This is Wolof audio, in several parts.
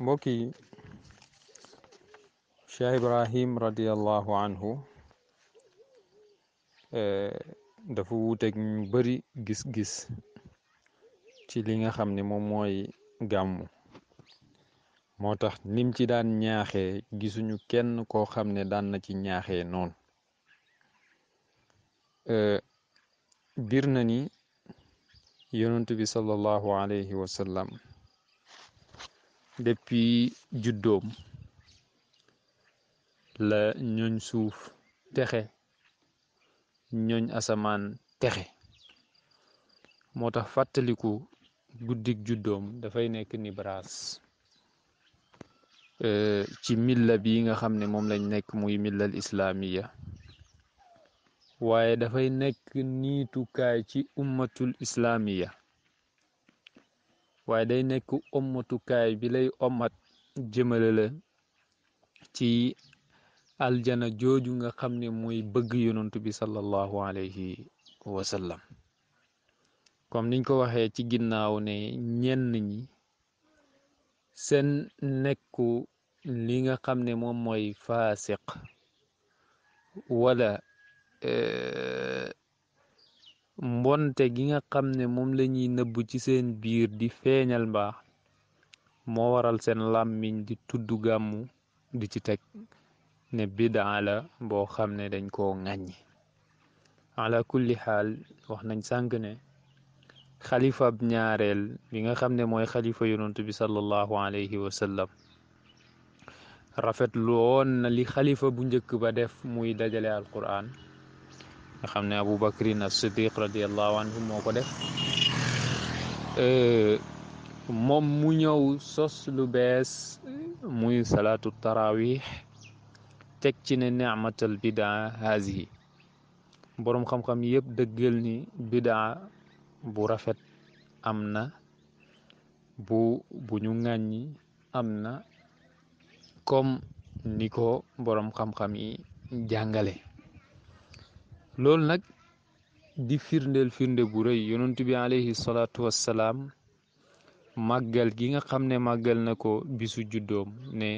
mbokk yi Cheikh Ibrahim radiallahu anhu dafa wuuteeg ñu bëri gis-gis ci li nga xam ni moom mooy gàmmu moo tax nim ci daan ñaaxee gisuñu kenn koo xam ne daan na ci noon noonu bir na ni yonent bi sallallahu alayhi wa depuis juddoom la ñooñ suuf texe ñooñ asamaan texe moo tax fàttaliku guddik juddoom dafay nekk ni braas euh, ci milla bi nga xam ne moom lañ nekk muy millal islaamiya waaye dafay nekk niitukaay ci ummatul islaamiya waaye day nekk ommatukaay bi lay ommat jëmale la ci aljana jooju nga xam ne mooy bëgg yonent bi sallallahu alayhi wa sallam comme niñ ko waxee ci ginnaaw ne ñenn ñi seen nekku li nga xam ne moom mooy faasiq wala euh, mbonte gi nga xam ne moom lañuy ñuy nëbb ci seen biir di feeñal mbaax moo waral seen làmmiñ di tudd gàmmu di ci teg ne bidaa la boo xam ne dañ koo ŋàññi ala kulli xaal wax nañ sànq ne xalifa ñaareel bi nga xam ne mooy xalifa yonantu bi sallallahu alayhi wa rafet lu woon na li xalifa bu njëkk ba def muy dajale alquran xam ne Abu Bakrin as-Siddiq radiallahu anhu moo ko def moom mu ñëw sos lu bees muy salaatu tarawih teg ci ne ni'matal bidaa hazihi boroom xam-xam yëpp dëggal ni bidaa bu rafet am na bu bu ñu ŋàññi am na comme ni ko boroom xam-xam yi jàngale loolu nag di firndeel firnde bu rëy yonent bi alayhi salaatu wassalaam màggal gi nga xam ne màggal na ko bisu juddoom ne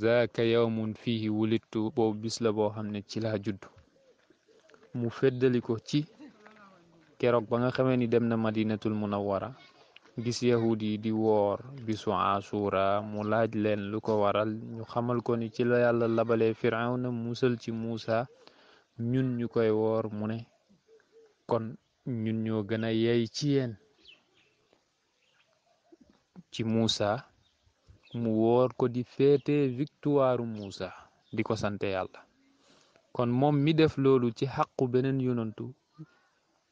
zaaka yawmun fihi wulittu boobu bis la boo xam ne ci laa juddu mu feddali ko ci keroog ba nga xamee ni dem na madinatul munawwara gis yahud yi di woor bisu asura mu laaj leen lu ko waral ñu xamal ko ni ci la yàlla labalee firawna musal ci muusa ñun ñu koy woor mu ne kon ñun ñoo gën a yey ci yeen ci Muusa mu woor ko di féete victoire Muusa di ko sante yàlla kon moom mi def loolu ci xàqu beneen yonantu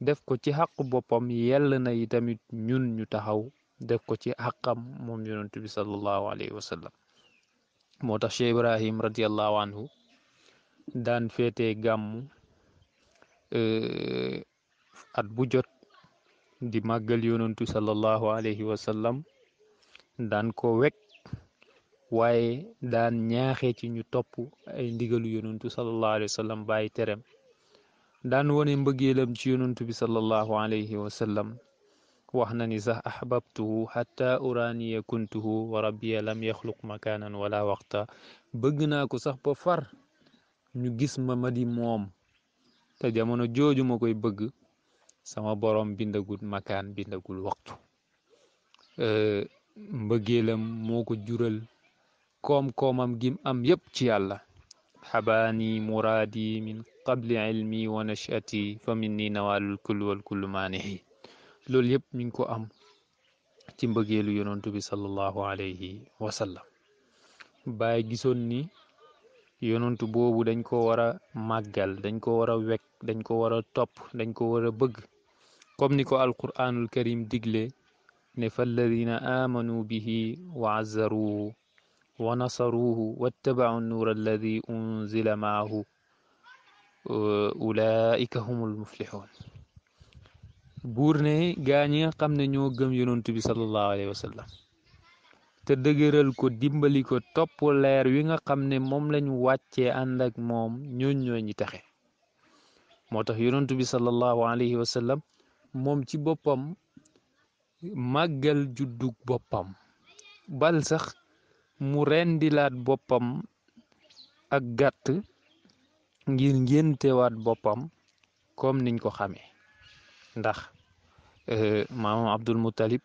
def ko ci xàqu boppam yell na yi tamit ñun ñu taxaw def ko ci xàqam moom yonantu bi sallallahu alayhi wa sallam moo tax Cheikh Ibrahim radiallahu anhu daan féetee gàmmu at bu jot di màggal yonantu sallallahu alayhi wa sallam daan ko wekk waaye daan ñaaxee ci ñu topp ay ndigalu yonantu sallallahu alayhi wa sallam bàyyi terem daan wone mbëggeelam ci yonantu bi sallallahu alayhi wa sallam wax na ni sax ahbabtuhu xatta uraniya kuntuhu wa rabbiya lam yaxluq makaanan wala waxta bëgg naa ko sax ba far ñu gis ma ma moom te jamono jooju ma koy bëgg sama borom bindagul makaan bindagul waxtu mbëggeelam moo ko jural koom-koomam gim am yëpp ci yàlla xabaani muraadi min qabli ilmi wa nachati fa min ni nawalul kullu wal kullu maanihi loolu yépp mi ngi ko am ci mbëggeelu yonantu bi sallallahu alayhi wa baay gisoon ni yonantu boobu dañ ko war a màggal dañ ko war a wekk dañ ko war a topp dañ ko war a bëgg comme ni ko alquranul karim digle ne falladina aamanu bihi wa azzaruhu wa nasaruhu wattabacu nuura alladi unzila maahu ulaika humul muflixuun buur ne gaa ñi nga xam ne ñoo gëm yonantu bi sallallahu alayhi wa sallam te dëgëral ko dimbali ko topp leer wi nga xam ne moom lañ wàccee ànd ak moom ñooñ ñooy ñi taxe moo tax yonantu bi salallahu alayhi wa sallam moom ci boppam màggal juddug boppam bal sax mu rendilaat boppam ak gàtt ngir ngéntewaat boppam comme niñ ko xamee ndax euh, maamam Abdul Mutalib.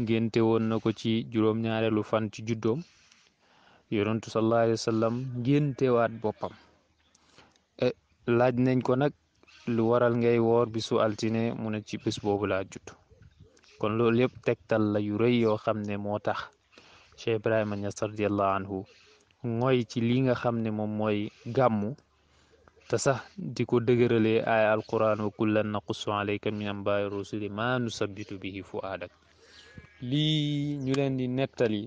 ngénte woon na ko ci juróom-ñaareelu fan ci juddoom yonentu sallallahu alayhi wa sallam ngéntewaat boppam e, laaj nañ ko nag lu waral ngay woor bisu altine mu ne ci bés boobu laa judd kon loolu yëpp tegtal la yu rëy yoo xam ne moo tax Cheikh Ibrahima Niass radiallahu anhu mooy ci lii nga xam ne moom mooy gàmmu te sax di ko dëgëralee aaya alquran wa kullan naqussu alayka min ambaa'i rusuli ma nusabbitu bihi fu'aadak li ñu leen di nettali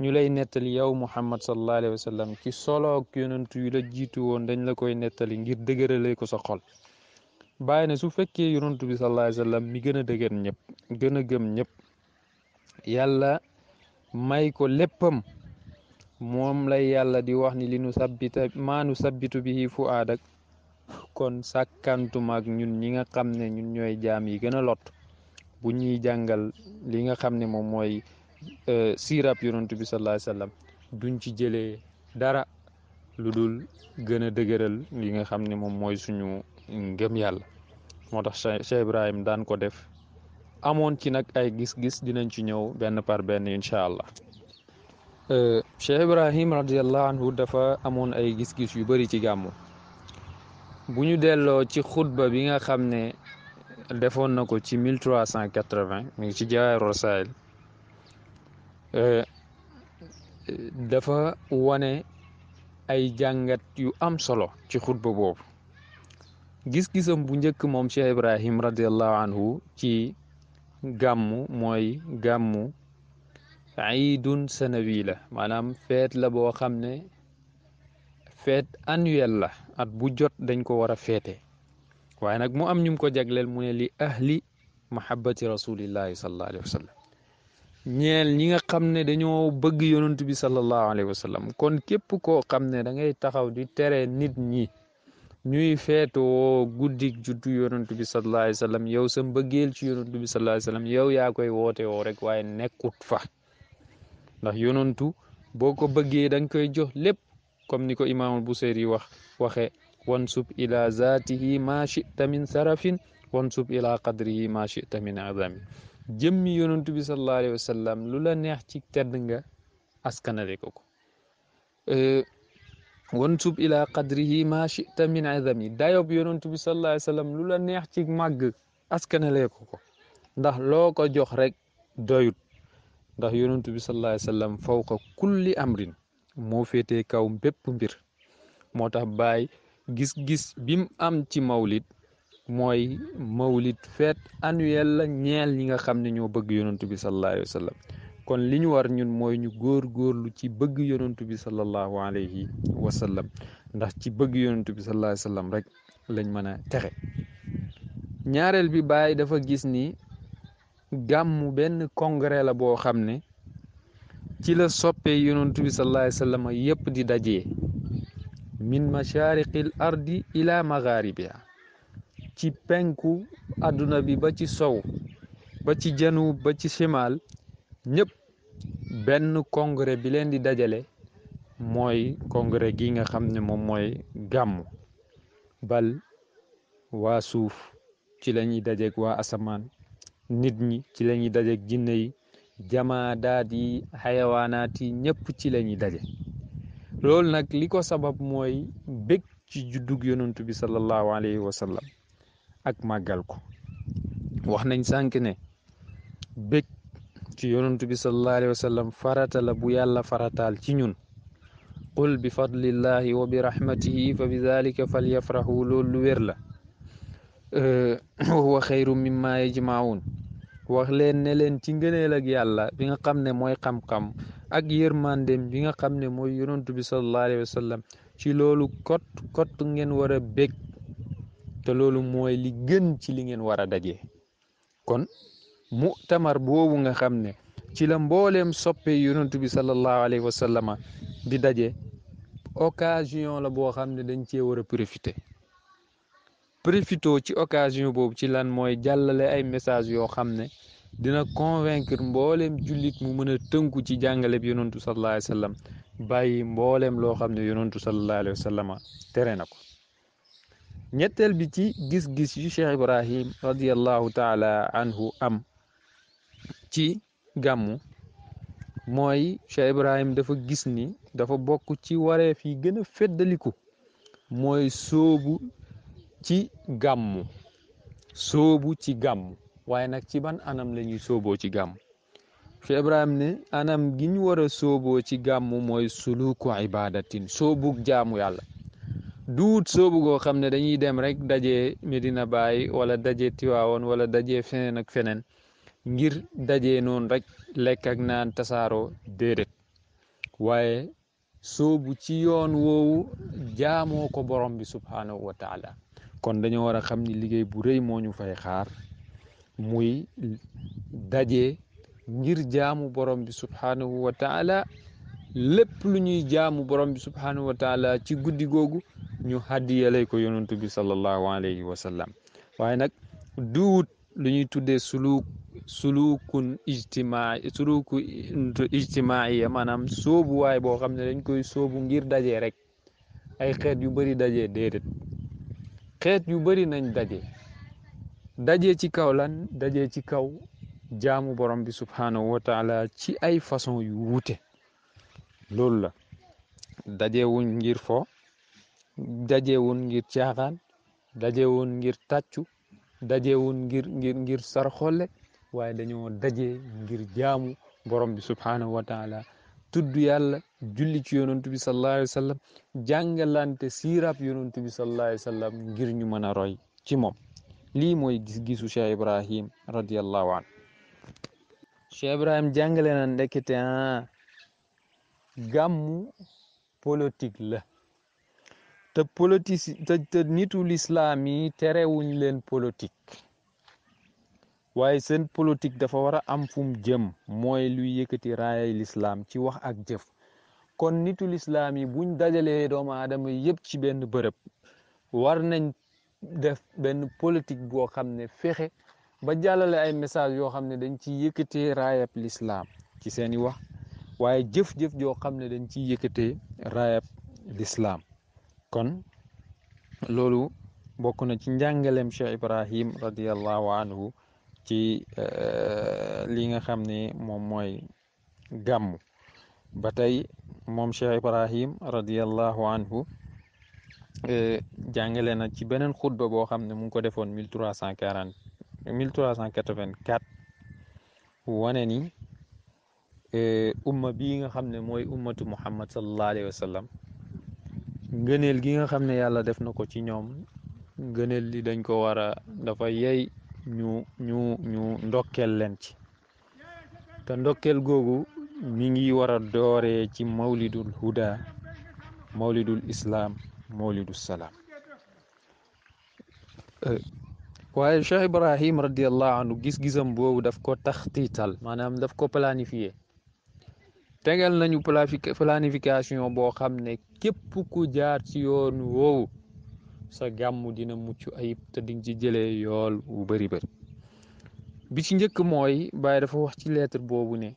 ñu lay nettali yow muhammad sallallahu alaihi wasallam sallam solo ak yonentu yu la jitu won dañ la koy nettali ngir dëgërale ko sa xol bàyyi su fekkee yonentu bi sallallahu alaihi wasallam mi gëna degeer ñëpp gëm ñëpp yalla may ko leppam mom lay yalla di wax ni li sabbita manu sabbitu bihi fuadak kon kon sàkkantumaak ñun ñi nga xamne ñun ñoy jaam yi gëna lott bu ñuy jàngal li nga xam ne moom mooy euh, siirab yonent bi sallallahu alayhi wasallam duñ ci jëlee dara lu dul gën a dëgëral li nga xam ne moom mooy suñu ngëm yàlla moo tax Cheikh Ibrahim daan ko def amoon ci nag ay gis-gis dinañ ci ñëw benn par benn incha allah euh, Cheikh Ibrahim radiallahu anhu dafa amoon ay gis-gis yu bëri ci gàmm bu ñu delloo ci xutba bi nga xam ne defoon na ko ci mille cent quatre vingt mu ngi ci jawaahirul rasaa'il euh, dafa wone ay jàngat yu am solo ci xutba boobu gis-gisam bu njëkk moom Cheikh Ibrahim radiallahu anhu ci gàmmu mooy gàmmu iidun sanawi la maanaam feet la boo xam ne feet annuel la at bu jot dañ ko war a feete waaye nag mu am ñum ko jagleel mu ne li ahli mahabbati rasulillahi sallallahu alayhi wa sallam ñeel ñi nga xam ne dañoo bëgg yonent bi sallallahu alayhi wa kon képp koo xam ne dangay taxaw di tere nit ñi ñuy feetoo guddik juddu yonent bi sallallahu alayhi wa sallam yow sa mbëggeel ci yonent bi sallallahu alayhi wa yow yaa koy woote woo rek waaye nekkut fa ndax yonentu boo ko bëggee danga koy jox lépp comme ni ko imaamul Buseyri wax waxe wansub ila zaatihi ma chita min sarafin wansub ila qadrihi ma chita min azami jëmmi yonentu bi sallallahu alayhi wa sallam lu la neex ci tedd nga askanale ko ko wansub ila qadrihi ma chita min azami dayob yonentu bi sallallahu alayhi wa sallam lu la neex ci màgg askanale ko ndax loo ko jox rek doyut ndax yonentu bi sallallahu alayhi wa sallam fawqa kulli amrin moo kaw bépp mbir moo tax baay gis-gis bi mu am ci mawlid mooy mawlid feet annuelle la ñeel ñi nga xam ne ñoo bëgg yonantu bi sallallahu alayhi wa kon li ñu war ñun mooy ñu góor góorlu ci bëgg yonantu bi sallallahu alayhi wa ndax ci bëgg yonantu bi sallallahu alayhi wa sallam rek lañ mën a texe ñaareel bi Baay dafa gis ni gàmmu benn congrès la boo xam ne ci la soppee yonantu bi sallallahu alayhi wa sallam yépp di dajee min mashaariqil ardi ila magharibiha ci penku àdduna bi ba ci soow ba ci janub ba ci simal ñëpp benn kongre bi leen di dajale mooy kongre gi nga xam ne moom mooy gàmmu bal waa suuf ci la ñuy dajeeg waa asamaan nit ñi ci la ñuy dajeeg jinne yi jamaadaat yi xayawaanaat yi ñëpp ci lañuy daje loolu nag li ko sabab mooy bég ci juddug yonantu bi sallallahu alayhi wa ak màggal ko wax nañ sànq ne bég ci yonantu bi sallallahu alayhi wa farata la bu yàlla farataal ci ñun qul bi fadlillahi wa bi rahmatihi fa bi dalika falyafrahu loolu lu wér la wa xayru mimma yajmaun wax leen ne leen ci ngëneel ak yàlla bi nga xam ne mooy xam-xam ak yermandem bi nga xam ne mooy yonantubi salallah alehi wasallam ci loolu kot kot ngeen war a bég te loolu mooy li gën ci li ngeen war a daje kon mu tamar boobu nga xam ne ci la mbooleem soppe yonantubi salallahu alehi wasallama di daje occasion la boo xam ne dañ cee war a profité profito ci occasion boobu ci lan mooy jàllale ay messages yoo xam ne dina convaincre mbooleem jullit mu mën a tënku ci jàngale yonantu sallallahu alayhi wa bàyyi mbooleem loo xam ne yonantu sallallahu alayhi wa sallam tere na ko ñetteel bi ci gis-gis yu Cheikh Ibrahim radiallahu taala anhu am ci gàmmu mooy Cheikh Ibrahim dafa gis ni dafa bokk ci wareef yi gën a feddaliku mooy sóobu ci gàmmu sóobu ci gàmmu waaye nag ci ban anam la ñuy sooboo ci gàmm Cheikh ne anam gi ñu war a sooboo ci gàmm mooy suluku ibadatin soobug jaamu yàlla duut soobu goo xam ne dañuy dem rekk daje Medina Baye wala daje Tiwaawoon wala daje feneen ak feneen ngir daje noonu rek lekk ak naan tasaaroo déedéet waaye soobu ci yoon woowu jaamoo ko borom bi subhaanahu wa taala kon dañoo war a xam ni liggéey bu rëy moo ñu fay xaar muy daje ngir jaamu borom bi subhanahu wa lu ñuy jaamu borom bi subhanahu wa ci guddi googu ñu haddiyalay ko yonantu bi sallallahu alayhi wa waaye nag duut lu ñuy tuddee suluk sulukun ijtimaa suluku ijtimaiya maanaam soobu waay boo xam ne dañ koy soobu ngir daje rek ay xeet yu bari daje déedéet xeet yu bari nañ daje dajeci kaw lan dajeci kaw jaamu borom bi subhanahu wa taala ci ay façon yu wute loolu la dajewuñ ngir fo dajewuñ ngir caaxaan dajewuñ ngir tàccu dajewuñ ngir ngir ngir sar xolle waaye dañoo daje ngir jaamu borom bi subhanahu wa taala tudd yàlla julli ci yonantu bi salallah alih wa sallam jàngalante siiraab yonantu bi salallah alih wa sallam ngir ñu mën a roy ci moom lii mooy gis-gisu Cheikh Ibrahim radiyallahu an Cheikh Ibrahim jàngale na ndekete ah, gàmmu politique la te nitu lislaam yi terewuñ leen politique waaye seen politique dafa war a am fum jëm mooy luy yëkkati raayay lislaam ci wax ak jëf kon nitu lislaam yi buñ dajale doomu aadama yëpp ci benn bërëb war def benn politique boo xam ne fexe ba jàllale ay message yoo xam ne dañ ciy yëkkatee raayab lislaam ci seeni wax waaye jëf-jëf joo xam ne dañ ciy yëkkatee raayab lislaam kon loolu bokk na ci njàngaleem Cheikh Ibrahim radiallahu anhu ci euh, li nga xam ne moom mooy gàmm ba tey moom Cheikh Ibrahim radiallahu anhu Eh, jàngale na ci beneen xutba boo xam ne mu ngi ko defoon mille trois cent quarante mille trois cent quatre vingt quatre wane ni eh, umma bii nga xam ne mooy ummatu muhammad sallallahu alayhi wa sallam ngëneel gi nga xam ne yàlla def na ko ci ñoom ngëneel li dañ ko war a dafa yey ñu ñu ñu ndokkeel leen ci te ndokkeel googu mi ngi war a dooree ci mawlidul huda mawlidul islam مولد السلام واي شيخ ابراهيم رضي الله عنه غيس غيسام بوو داف كو تخطيطال مانام داف كو بلانيفي تيغال نانيو بلانيفيكاسيون بو خامني كيب كو جار سي يون وو سا غام دينا موتشو ايب تا دينج جي جيلي يول و بري بري bi ci njëkk mooy baay dafa wax ci lettre boobu ne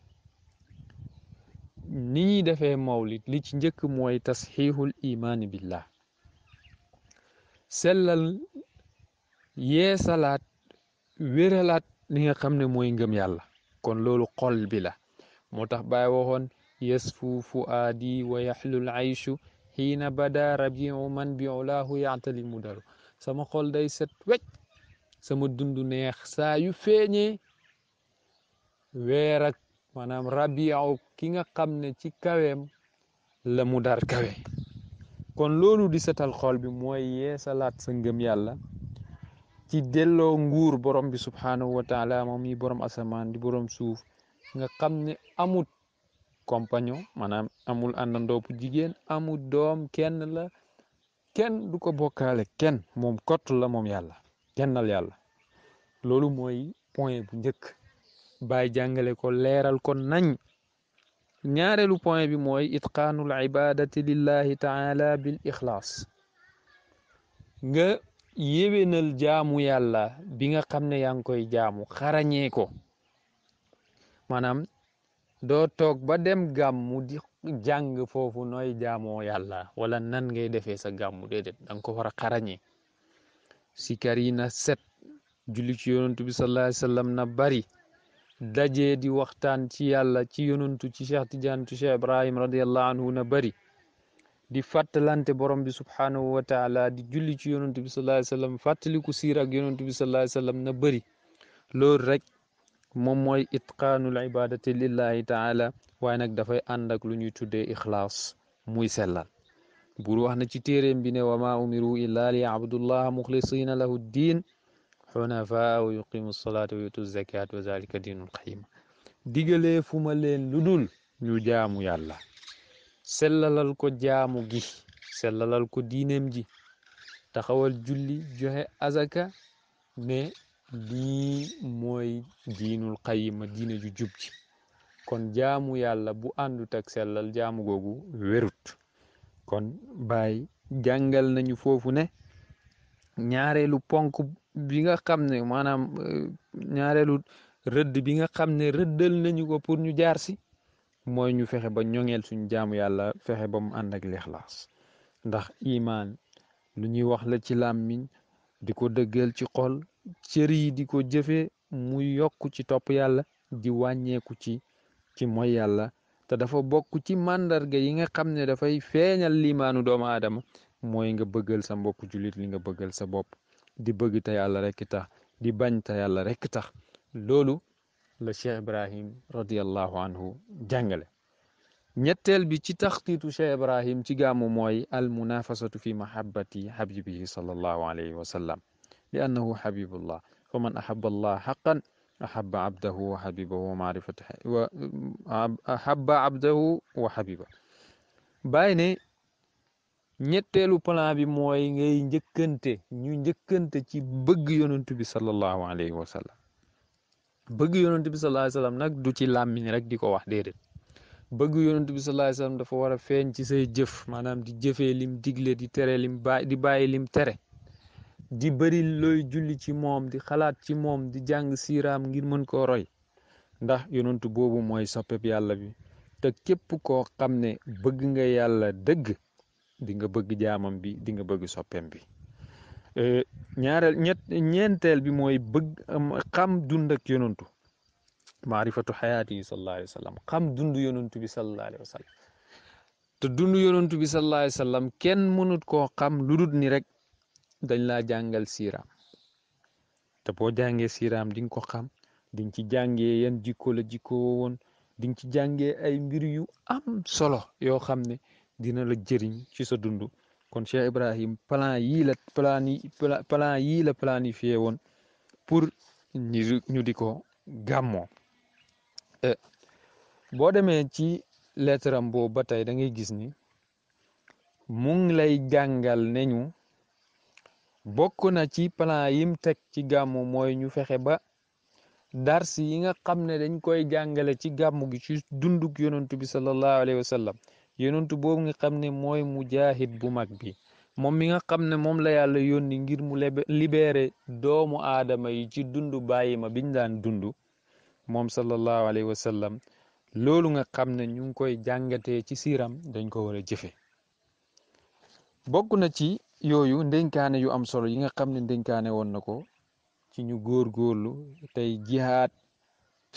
ni ñuy defee mawlit li ci njëkk mooy tasxiihul sellal yeesalaat wéralaat li nga xam ne mooy ngëm yàlla kon loolu xol bi la moo tax bàyyi waxoon yasfu fuaadi wa yaxlul ayshu xiina bada rabiu man bi ulaahu yaatalimu daru sama xol day set wecc sama dund neex saa yu feeñee weer ak maanaam rabiu ki nga xam ne ci kaweem la mu dar kawe kon loolu di setal xol bi mooy yeesalaat sa ngëm yàlla ci delloo nguur borom bi Subhanahu wa taala moom yi borom asamaan di borom suuf nga xam ne amut compagnon maanaam amul àndandoo bu jigéen amul doom kenn la kenn du ko bokkaale kenn moom kott la moom yàlla kennal yàlla loolu mooy point bu njëkk bàyyi jàngale ko leeral ko nañ ñaareelu point bi mooy itqaanul ibadati lillahi taala bil ixlaas nga yéwénal jaamu yàlla bi nga xam ne yaa ngi koy jaamu xarañee ko maanaam doo toog ba dem gàmmu di jàng foofu nooy jaamoo yàlla wala nan ngay defee sa gàmmu déedéet da nga ko war a xarañee sikar yi na set julli ci yonantu bi sallallahu alayhi na bari dajé di waxtaan ci yàlla ci yonantu ci cheikh tidiane tu cheikh ibrahim radiyallahu anhu na bari di fàttalante borom bi subhanahu wa taala di julli ci yonantu bi sallallahu alayhi wasallam fàttaliku sir ak yonantu bi sallallahu alayhi wasallam na bari loolu rek mom moy itqanul ibadati lillahi taala nak da fay ànd ak luñuy tuddé ikhlas muy selal buur wax na ci téeréem bi ne wa ma umiru illa li yabdullaha muxlisina lahu xunafaa wa yuqimu salaata wa yutu zakaat wa zalika diinul qayima digalee fu ma leen lu dul ñu jaamu yàlla sellalal ko jaamu gi sellalal ko diineem ji taxawal julli joxe azaka ne lii mooy diinul qayima diine ju jub kon jamu yàlla bu àndut ak sellal jaamu googu wérut kon baay jàngal nañu foofu ne ñaareelu ponk bi nga xam ne maanaam eh, ñaareelu rëdd bi nga xam ne rëddal nañu ko pour ñu jaar si mooy ñu fexe ba ñoŋeel suñu jaamu yàlla fexe ba mu ànd ak lixlaas ndax iman lu ñuy wax la ci làmmiñ di ko dëggal ci xol cër yi di ko jëfee mu yokk ci topp yàlla di wàññeeku ci ci mooy yàlla te dafa bokk ci mandarga yi nga xam ne dafay feeñal limaanu doomu aadama mooy nga bëggal sa mbokk jullit li nga bëggal sa bopp di bëgg te yàlla rekk tax di bañ te yàlla rekk tax loolu la Cheikh Ibrahim radiallahu anhu jàngale ñetteel bi ci taxtiitu Cheikh Ibrahim ci gàmmu mooy al munafasatu fi mahabbati habibihi sallallahu alayhi wa sallam li annahu habibullah fa man ahaba allah xaqan ahaba abdahu wa habibahu wa maarifatahu wa ahaba abdahu wa habibahu bàyyi ne ñetteelu plan bi mooy ngay njëkkante ñu njëkkante ci bëgg yonent bi sallallahu alayhi wa sallam bëgg yonent bi sallallahu alayhi nag du ci làmmiñ rek di ko wax déedéet bëgg yonent bi sallallahu alayhi dafa war a feeñ ci say jëf maanaam di jëfee lim digle di tere lim bàyyi di bàyyi lim tere di bari looy julli ci moom di xalaat ci moom di jàng siiraam ngir mën koo roy ndax yonent boobu mooy soppeb yàlla bi te képp koo xam ne bëgg nga yàlla dëgg di nga bëgg jaamam bi di nga bëgg soppeem bi ñaareel ñeenteel bi mooy bëgg xam dund ak yonantu maarifatu xayaati yi sallallahu alayhi wa sallam dund yonantu bi sallallahu alayhi kenn mënut koo xam lu dut ni rek dañ laa jàngal siiraam te boo jàngee siiraam dinga ko xam di ci jàngee yan jikko la jikko woon di nga ci jàngee ay mbir am solo yoo xam ne dina la jëriñ ci sa dund kon Cheikh Ibrahim plan yii la plan yi plan yii la planifié woon pour ñu di ko gàmmoo eh, boo demee ci lettre am boobu ba tey da ngay gis ni mu lay jàngal ne ñu bokk na ci plan yim teg ci gàmmu mooy ñu fexe ba darsi yi nga xam ne dañ koy jàngale ci gàmmu gi ci dundug yonantu bi sallallahu alayhi wa yonentu boobu nga xam ne mooy mujaahid bu mag bi moom mi nga xam ne moom la yàlla yónni ngir mu libeere doomu aadama yi ci dundu bàyyi ma biñ daan dund moom sallallahu alayhi wa loolu nga xam ne ñu ngi koy jàngatee ci siiram dañ ko war a jëfe bokk na ci yooyu ndénkaane yu am solo yi nga xam ne ndénkaane woon na ko ci ñu góorgóorlu tey jihaad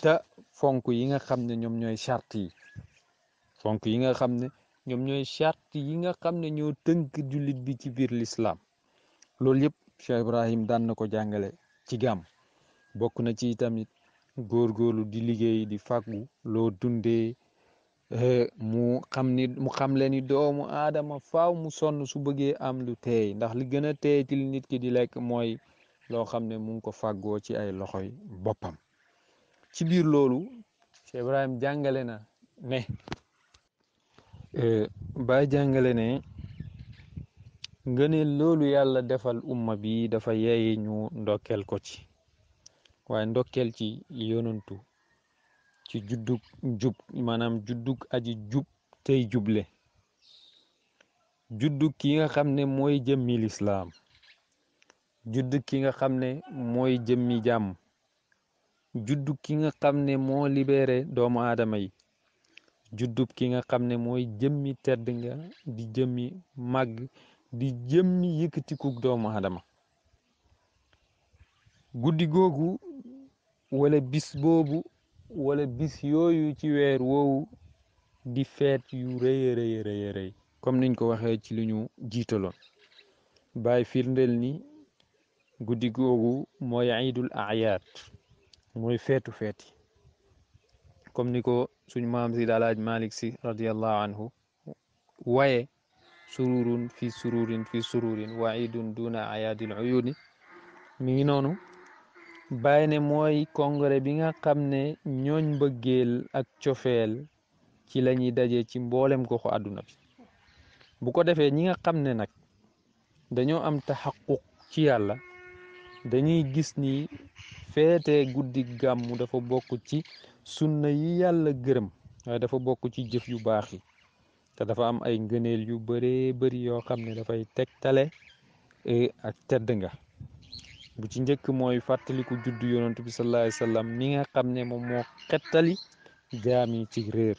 te fonk yi nga xam ne ñoom ñooy chart yi donc yi nga xam ne ñoom ñooy charte yi nga xam ne ñoo tënk jullit bi ci biir lislaam loolu yëpp Cheikh Ibrahim daan na ko jàngale ci gàmm bokk na ci tamit góor góorgóorlu di liggéey di fàggu loo dundee eh, mu xam ni mu xam le ni doomu aadama faw mu sonn su bëggee am lu teey ndax li gën a teey ci nit ki di lekk mooy loo xam ne mu ngi ko fàggoo ci ay loxoy boppam ci biir loolu Cheikh Ibrahim jàngale na ne Eh, baa jàngale ne nga ne loolu yàlla defal umma bi dafa yeeye ñu ndokkeel ko ci waaye ndokkeel ci yonantu ci juddug jub maanaam juddug aji jub tey juble juddug ki nga xam ne mooy jëmmi lislaam juddug ki nga xam ne mooy jëmmi jàmm juddug ki nga xam ne moo libere doomu aadama yi juddub ki nga xam ne mooy jëmmi tedd nga di jëmmi màgg di jëmmi yëkkatiku doomu adama guddi googu wala bis boobu wala bis yooyu ci weer woowu di feet yu rëy rëy rëy rëy comme niñ ko waxee ci lu ñu jiitaloon bàyyi firndeel ni guddi googu mooy iidul ayaat mooy feetu feet yi comme ni ko suñ maam si daalaaj malik si radiallahu anhu waye sururun fi sururin fi sururin waidun duna ayadil uyuni mi ngi noonu bàyyi ne mooy congrès bi nga xam ne ñooñ mbëggeel ak cofeel ci la ñuy dajee ci mboolem ko àdduna bi bu ko defee ñi nga xam ne nag dañoo am taxaquq ci yàlla dañuy gis ni feete guddi gàmmu dafa bokk ci sunna yi yàlla gërëm waaye dafa bokk ci jëf yu baax yi te dafa am ay ngëneel yu bëree bëri yoo xam ne dafay tegtale eh, ak tedd nga bu ci njëkk mooy fàttaliku juddu yonent bi sallallahu alayhi mi nga xam ne moom moo xettali jaam ci réer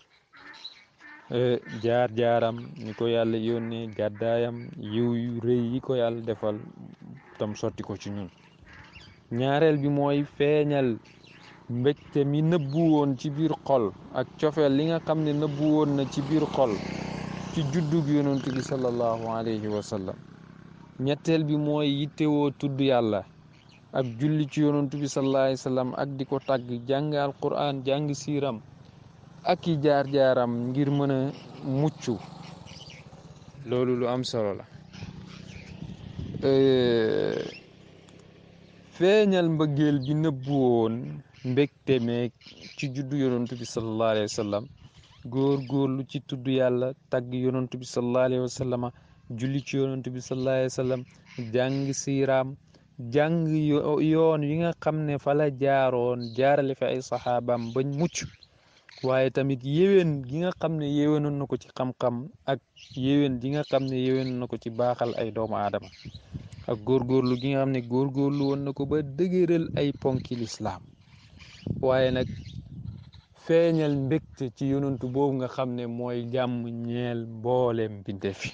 eh, jaar jaaram ni ko yàlla yónnee gàddaayam yiw yu rëy yi ko yàlla defal tam sotti ko ci ñun ñaareel bi mooy feeñal mbégte mi nëbbu won ci biir xol ak cofeel li nga xam ne nëbbu woon na ci biir xol ci juddug yonent bi sallallahu alayhi wa sallam ñetteel bi mooy yittewoo tudd yàlla ak julli ci yonent bi sallallahu alayhi wa sallam ak di ko tàgg jàng alquran jàng siiram ak i jaar-jaaram ngir mën a mucc lu am solo la feeñal mbëggeel bi nëbbu woon mbégte meeg ci juddu yonantu bi sallallahu góor góorlu ci tudd yàlla tagg yonantu bi sallallahu alayhi julli ci yonantu bi sallallahu alayhi wa sallam jàng siiraam yoon yi nga xam ne fala jaaroon jaarale fi ay saxaabaam bañ mucc waaye tamit yéwén gi nga xam ne yéwénoon na ko ci xam-xam ak yéwén gi nga xam ne yéwénoon na ko ci baaxal ay doomu aadama ak góor góorgóorlu gi nga xam ne góor woon na ko ba dëgëral ay ponki lislaam waaye nag feeñal mbégte ci yonantu boobu nga xam ne mooy jàmm ñeel mbooleem mbindeef yi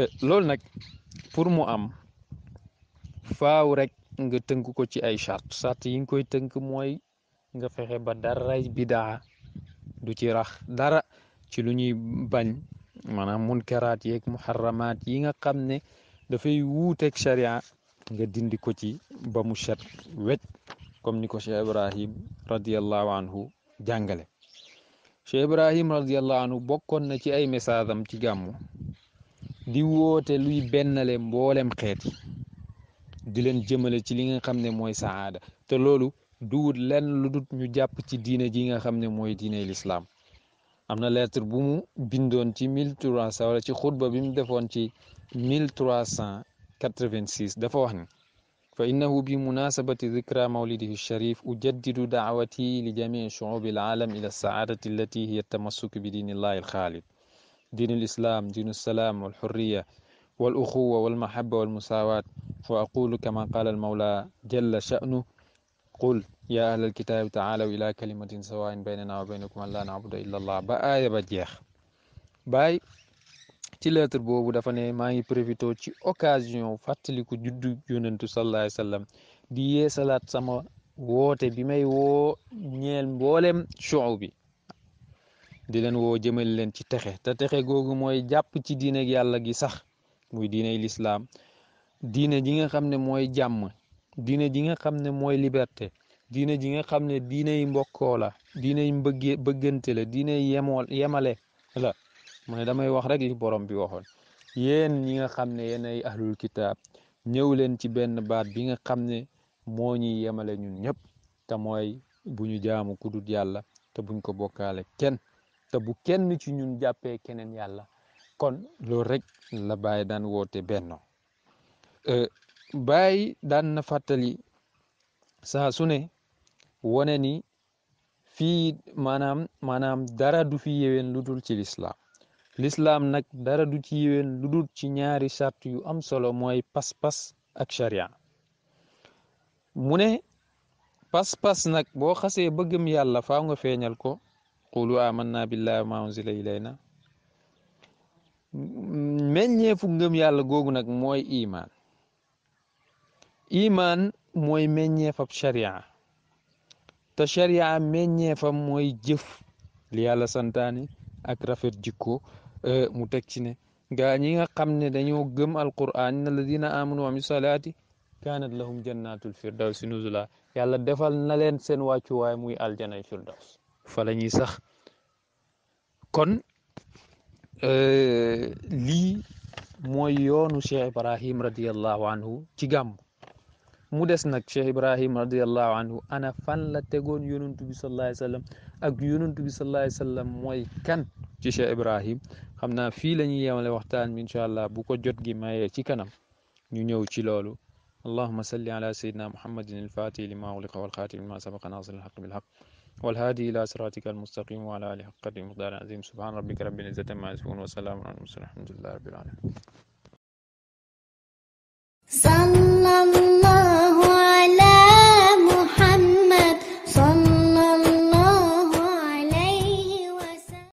eh, loolu nag pour mu am faaw rek nga tënk ko ci ay chart charte yi nga koy tënk mooy nga fexe ba daray bidaa du ci rax dara ci lu ñuy bañ maanaam munkaraat yeeg muharramaat yi nga xam ne dafay wuuteeg sharia nga dindi ko ci ba mu set wecc comme ni ko Cheikh Ibrahim radiallahu anhu jàngale Cheikh Ibrahim radiallahu anhu bokkoon na ci ay message am ci gàmmu di woote luy bennale mboolem xeet yi di leen jëmale ci li nga xam ne mooy saada te loolu duwut lenn lu dut ñu jàpp ci diine ji nga xam ne mooy diine lislaam am na lettre bu mu bindoon ci mille trois wala ci xutba bi mu defoon ci mille trois cent quatre wax ni فإنه بمناسبة ذكرى مولده الشريف أجدد دعوتي لجميع شعوب العالم إلى السعادة التي هي التمسك بدين الله الخالد دين الإسلام دين السلام والحرية والأخوة والمحبة والمساواة وأقول كما قال المولى جل شأنه قل يا أهل الكتاب تعالوا إلى كلمة سواء بيننا وبينكم لا نعبد إلا الله بآية بجيخ باي ci lettre boobu dafa ne maa ngi profité ci occasion fàttaliku juddu yonentu sallallahu alayhi di salaat sama woote bi may woo ñeel mboolem show bi di leen woo jëmal leen ci texe te texe googu mooy jàpp ci diina diine yàlla gi sax muy diine lislaam diine ji nga xam ne mooy jàmm diine ji nga xam ne mooy liberté diine ji nga xam ne diinay mbokkoo la diiney mbëgge bëggante la diiney yemoo yemale mu damay wax rek li borom bi waxoon yéen ñi nga xam ne yéen ay ahlul kitaab ñëw leen ci benn baat bi nga xam ne moo ñuy yemale ñun ñëpp te mooy bu ñu jaamu ku dul yàlla te buñ ko bokkaale kenn te bu kenn ci ñun jàppee keneen yàlla kon loolu rek la Baye daan woote benn euh, Baye daan na fàttali saa su ne wane ni fii maanaam maanaam dara du fi yeween lu dul ci lislaam lislaam nag dara du ci yéwén lu dul ci ñaari sart yu am solo mooy pas-pas ak sharia mu ne pas-pas nag boo xasee ba gëm yàlla faaw nga feeñal ko qulu amanna billahi ma unzila ilayna meññeefu ngëm yàlla googu nag mooy imaan imaan mooy meññeefab sharia te sharia meññeefam mooy jëf li yàlla santaane ak rafet jikko E, mu teg ci ne gaa ñi nga xam ne dañoo gëm alquran inna alladina amanu wa kaanat lahum jannatul firdawsi nuzula yàlla defal na leen seen wàccuwaay muy aljanay firdaws fa la ñuy sax kon e, lii mooy yoonu Cheikh Ibrahim radiallahu anhu ci gàmm mu des nag Cheikh Ibrahim radiallahu anhu ana fan la tegoon yonantu bi sallallahu alayhi wa ak yonantu bi sallallahu alayhi wa mooy kan ci Cheikh Ibrahim xamna fi lañuy yewale waxtaan bi inshallah bu ko jot gi maye ci kanam ñu ñew ci lolu اللهم صل على سيدنا محمد الفاتح لما أغلق والخاتم لما سبق ناصر الحق بالحق والهادي إلى صراطك المستقيم وعلى آله حق مقدار عظيم سبحان ربك رب العزة ما يصفون وسلام على المرسلين الحمد لله رب العالمين